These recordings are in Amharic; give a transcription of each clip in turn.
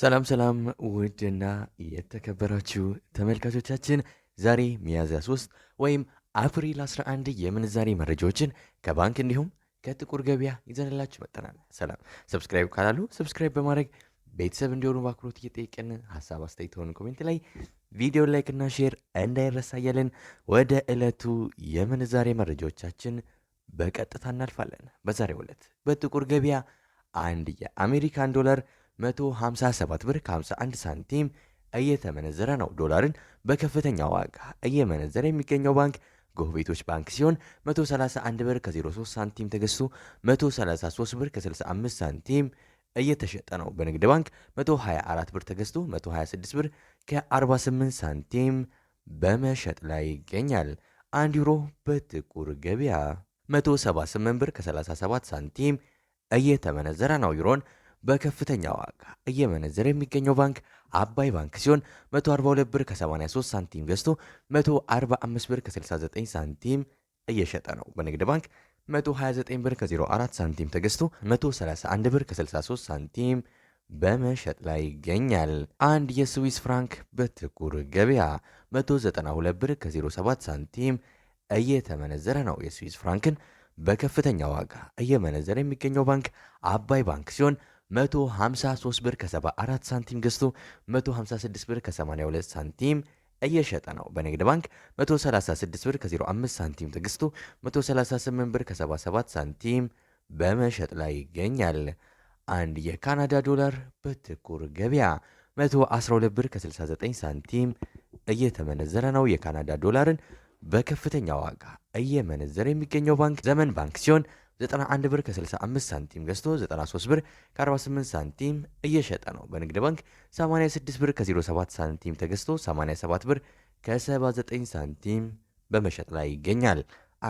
ሰላም ሰላም ውድና የተከበራችሁ ተመልካቾቻችን ዛሬ ሚያዝያ 3 ወይም አፕሪል 11 የምንዛሬ መረጃዎችን ከባንክ እንዲሁም ከጥቁር ገበያ ይዘንላችሁ መጠናል። ሰላም ሰብስክራይብ ካላሉ ሰብስክራይብ በማድረግ ቤተሰብ እንዲሆኑ በአክብሮት እየጠየቅን ሀሳብ አስተያየት ኮሜንት ላይ ቪዲዮ ላይክ ላይክና ሼር እንዳይረሳ እያልን ወደ ዕለቱ የምንዛሬ መረጃዎቻችን በቀጥታ እናልፋለን። በዛሬው ዕለት በጥቁር ገበያ አንድ የአሜሪካን ዶላር 157 ብር ከ51 ሳንቲም እየተመነዘረ ነው። ዶላርን በከፍተኛ ዋጋ እየመነዘረ የሚገኘው ባንክ ጎህ ቤቶች ባንክ ሲሆን 131 ብር ከ03 ሳንቲም ተገዝቶ 133 ብር ከ65 ሳንቲም እየተሸጠ ነው። በንግድ ባንክ 124 ብር ተገዝቶ 126 ብር ከ48 ሳንቲም በመሸጥ ላይ ይገኛል። አንድ ዩሮ በጥቁር ገበያ 178 ብር ከ37 ሳንቲም እየተመነዘረ ነው። ዩሮን በከፍተኛ ዋጋ እየመነዘረ የሚገኘው ባንክ አባይ ባንክ ሲሆን 142 ብር ከ83 ሳንቲም ገዝቶ 145 ብር ከ69 ሳንቲም እየሸጠ ነው። በንግድ ባንክ 129 ብር ከ04 ሳንቲም ተገዝቶ 131 ብር ከ63 ሳንቲም በመሸጥ ላይ ይገኛል። አንድ የስዊስ ፍራንክ በጥቁር ገበያ 192 ብር ከ07 ሳንቲም እየተመነዘረ ነው። የስዊስ ፍራንክን በከፍተኛ ዋጋ እየመነዘረ የሚገኘው ባንክ አባይ ባንክ ሲሆን 153 ብር ከ74 ሳንቲም ገዝቶ 156 ብር ከ82 ሳንቲም እየሸጠ ነው። በንግድ ባንክ 136 ብር ከ05 ሳንቲም ተገዝቶ 138 ብር ከ77 ሳንቲም በመሸጥ ላይ ይገኛል። አንድ የካናዳ ዶላር በጥቁር ገበያ 112 ብር ከ69 ሳንቲም እየተመነዘረ ነው። የካናዳ ዶላርን በከፍተኛ ዋጋ እየመነዘረ የሚገኘው ባንክ ዘመን ባንክ ሲሆን 91 ብር ከ65 ሳንቲም ገዝቶ 93 ብር ከ48 ሳንቲም እየሸጠ ነው። በንግድ ባንክ 86 ብር ከ07 ሳንቲም ተገዝቶ 87 ብር ከ79 ሳንቲም በመሸጥ ላይ ይገኛል።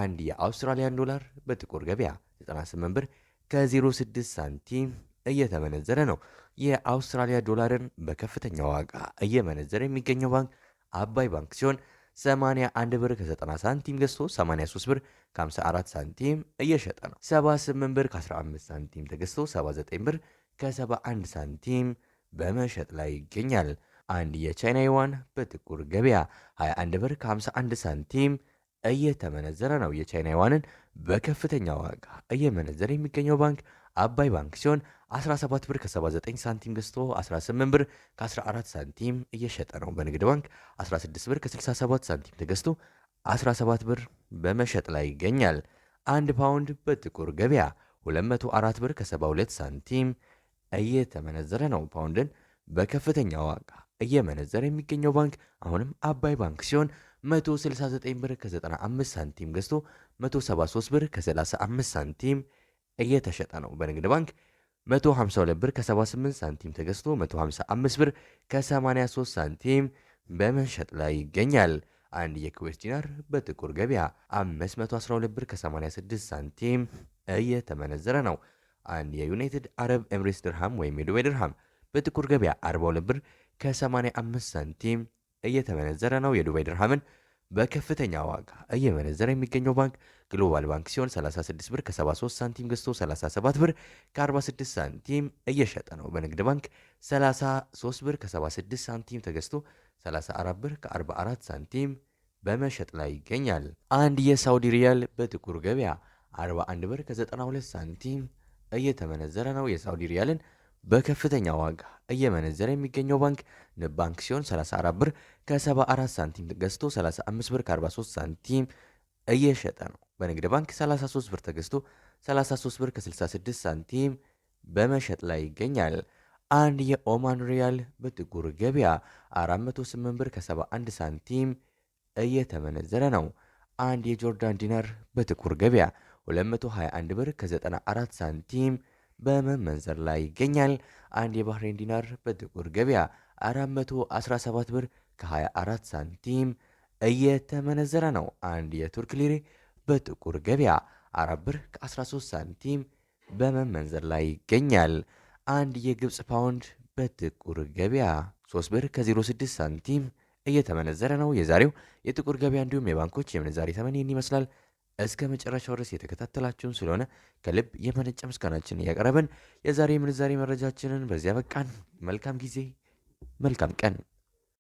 አንድ የአውስትራሊያን ዶላር በጥቁር ገበያ 98 ብር ከ06 ሳንቲም እየተመነዘረ ነው። የአውስትራሊያ ዶላርን በከፍተኛ ዋጋ እየመነዘረ የሚገኘው ባንክ አባይ ባንክ ሲሆን 81 ብር ከ90 ሳንቲም ገዝቶ 83 ብር ከ54 ሳንቲም እየሸጠ ነው። 78 ብር ከ15 ሳንቲም ተገዝቶ 79 ብር ከ71 ሳንቲም በመሸጥ ላይ ይገኛል። አንድ የቻይና ዩዋን በጥቁር ገበያ 21 ብር ከ51 ሳንቲም እየተመነዘረ ነው። የቻይና ዩዋንን በከፍተኛ ዋጋ እየመነዘረ የሚገኘው ባንክ አባይ ባንክ ሲሆን 17 ብር ከ79 ሳንቲም ገዝቶ 18 ብር ከ14 ሳንቲም እየሸጠ ነው። በንግድ ባንክ 16 ብር ከ67 ሳንቲም ተገዝቶ 17 ብር በመሸጥ ላይ ይገኛል። አንድ ፓውንድ በጥቁር ገበያ 204 ብር ከ72 ሳንቲም እየተመነዘረ ነው። ፓውንድን በከፍተኛ ዋጋ እየመነዘረ የሚገኘው ባንክ አሁንም አባይ ባንክ ሲሆን 169 ብር ከ95 ሳንቲም ገዝቶ 173 ብር ከ35 ሳንቲም እየተሸጠ ነው። በንግድ ባንክ 152 ብር ከ78 ሳንቲም ተገዝቶ 155 ብር ከ83 ሳንቲም በመሸጥ ላይ ይገኛል። አንድ የኩዌት ዲናር በጥቁር ገበያ 512 ብር ከ86 ሳንቲም እየተመነዘረ ነው። አንድ የዩናይትድ አረብ ኤምሬትስ ድርሃም ወይም የዱባይ ድርሃም በጥቁር ገበያ 42 ብር ከ85 ሳንቲም እየተመነዘረ ነው። የዱባይ ድርሃምን በከፍተኛ ዋጋ እየመነዘረ የሚገኘው ባንክ ግሎባል ባንክ ሲሆን 36 ብር ከ73 ሳንቲም ገዝቶ 37 ብር ከ46 ሳንቲም እየሸጠ ነው። በንግድ ባንክ 33 ብር ከ76 ሳንቲም ተገዝቶ 34 ብር ከ44 ሳንቲም በመሸጥ ላይ ይገኛል። አንድ የሳውዲ ሪያል በጥቁር ገበያ 41 ብር ከ92 ሳንቲም እየተመነዘረ ነው። የሳውዲ ሪያልን በከፍተኛ ዋጋ እየመነዘረ የሚገኘው ባንክ ንብ ባንክ ሲሆን 34 ብር ከ74 ሳንቲም ገዝቶ 35 ብር ከ43 ሳንቲም እየሸጠ ነው። በንግድ ባንክ 33 ብር ተገዝቶ 33 ብር ከ66 ሳንቲም በመሸጥ ላይ ይገኛል። አንድ የኦማን ሪያል በጥቁር ገበያ 408 ብር ከ71 ሳንቲም እየተመነዘረ ነው። አንድ የጆርዳን ዲናር በጥቁር ገበያ 221 ብር ከ94 ሳንቲም በመመንዘር ላይ ይገኛል። አንድ የባህሬን ዲናር በጥቁር ገበያ 417 ብር ከ24 ሳንቲም እየተመነዘረ ነው። አንድ የቱርክ ሊሬ በጥቁር ገበያ 4 ብር ከ13 ሳንቲም በመመንዘር ላይ ይገኛል። አንድ የግብፅ ፓውንድ በጥቁር ገበያ 3 ብር ከ06 ሳንቲም እየተመነዘረ ነው። የዛሬው የጥቁር ገበያ እንዲሁም የባንኮች የምንዛሬ ተመን ይህን ይመስላል። እስከ መጨረሻው ድረስ የተከታተላችሁን ስለሆነ ከልብ የመነጨ ምስጋናችን እያቀረብን የዛሬ ምንዛሬ መረጃችንን በዚያ በቃን። መልካም ጊዜ፣ መልካም ቀን